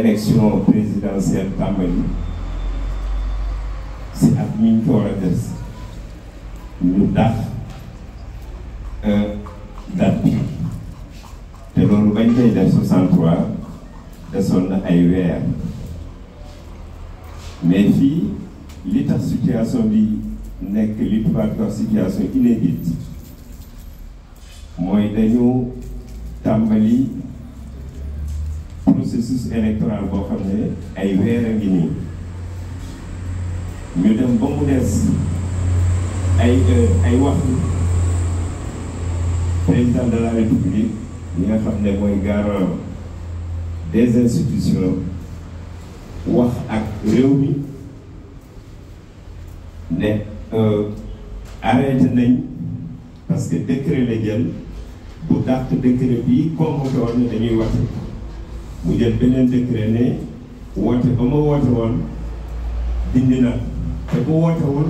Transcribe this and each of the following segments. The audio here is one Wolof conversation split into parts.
élection présidentielle tàmbali si at mi ñu ko war a des ñu dàq euh, te loolu bañ koy def 63 desoon ay weer mais fii li tax situation bi nekk li tubaab wax situation inédite mooy dañu tàmbali. processus électoral boo xam ay weer a ngi nii ñu ay euh, ay waxtu président de la république ñi nga xam ne mooy garant des institutions wax ak réew mi ne euh, arrêté nañ parce que décret la jël bu dàq décret bii convoqué woon ne dañuy mu jël beneen décret ne woote ba ma woote woon dindi na te bu wootewul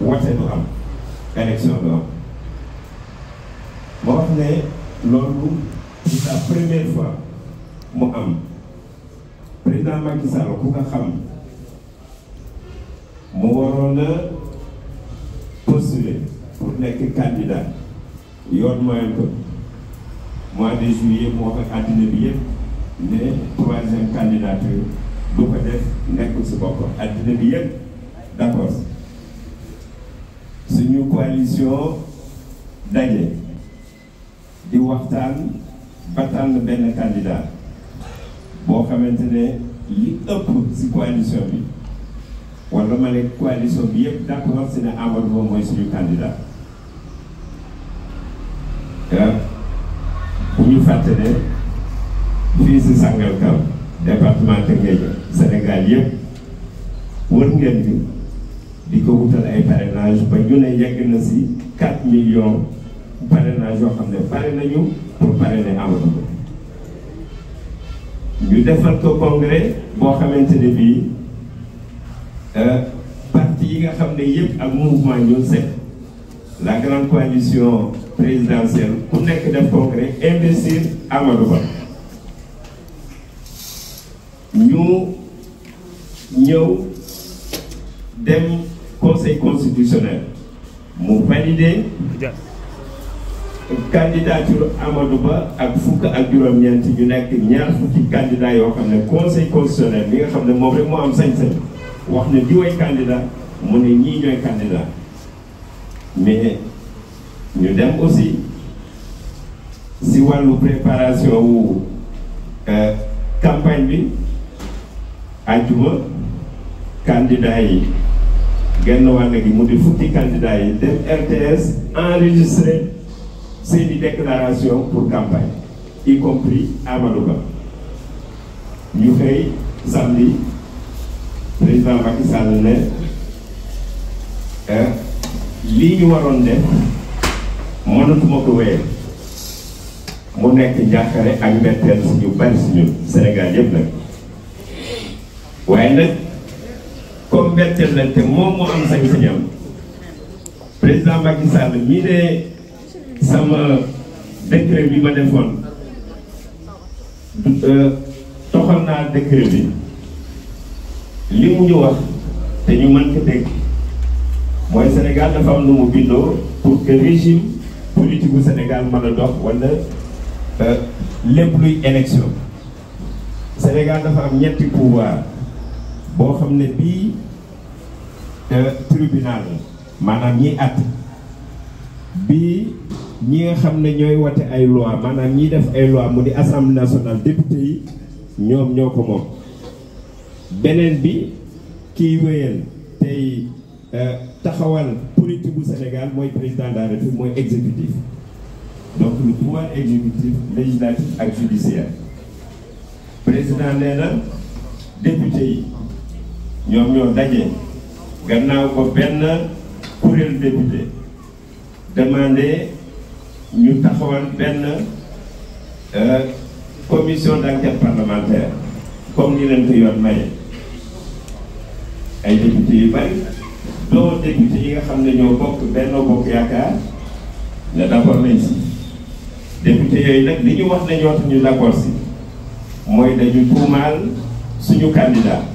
woote du am élection du ma wax ne loolu c'est la première fois mu am président Macky Sall ku ko xam mu waroon a postuler pour nekk candidat yoon mayoon ko mois de juillet moo ko àddina bi yëpp ne troisième candidature du ko def nekkul si bopp addina bi yëpp d'accord suñu coalition daje di waxtaan ba tànn benn candidat boo xamante ne li ëpp si coalition bi wala ma ne bi yëpp d'accord si ne Amadou Ba mooy suñu candidat ah, bu ñu fàtte ne fii si Sangalkam département Tëngéej Sénégal yëpp wër ngeen bi di ko wutal ay parrainage ba ñu ne yegg na si 4 millions parrainage yoo xam ne pare nañu pour parrainer Amadou Ba ñu defal ko congrès boo xamante ne bii euh, parti yi nga xam ne yëpp ak mouvement ñu set la grande coalition présidentielle ku nekk def congrès investir Amadou Ba ñu ñëw dem conseil constitutionnel mu validé candidature Amadou Ba ak fukk ak juróom-ñeent ñu nekk ñaar fukki candidat yoo xam ne conseil constitutionnel bi nga xam ne moom rek moo am sañ-sañ wax ne di way candidat mu ne ñii ñooy candidat mais ñu dem aussi si wàllu préparation wu euh, campagne bi àjjuma candidat yi genn wàll gi mu di fukki candidat yi dem RTS enregistré seeni déclaration pour campagne y compris Amadou Ba ñu xëy samedi président Macky Sall ne euh, lii ñu waroon def mënatuma ko wéyal mu nekk njàqare ak mbetteel suñu bari suñu waaye nag comme mbetteel la te moom moo am sañ-sañam président Macky Sall mii de sama décret bi ma defoon euh, toxal naa décret bi li mu ñu wax te ñu mën ko dégg mooy Sénégal dafa am lu mu bindoo pour que régime politique bu Sénégal mën a dox wala euh, lépp luy élection dafa am ñetti pouvoir boo xam ne bii euh, tribunal maanaam ñiy àtt bii ñi nga xam ne ñooy wate ay loi maanaam ñiy def ay loi mu di assemblée nationale député yi ñoom ñoo ko moom beneen bi kiy wéyal tey euh, taxawal politique bu Sénégal mooy président de mooy exécutif donc le pouvoir exécutif législatif ak judiciaire président nee na yi ñoom ñoo daje gannaaw ko benn kuréel député demandé ñu taxawal benn euh, commission d'enquête parlementaire comme ni leen ko yoon ay député yu bari doo député yi nga xam ne ñoo bokk Benno Bokk Yaakaar ne d'accord nañ si député yooyu nag li ñu wax ne ñoo tax ñu si mooy dañu tuumaal suñu candidat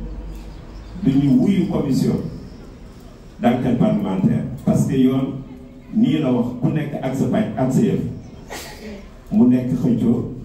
dañuy wuyu commission d'enquête parlementaire parce que yoon nii la wax ku nekk ak sa paj ak sa mu nekk xëccoo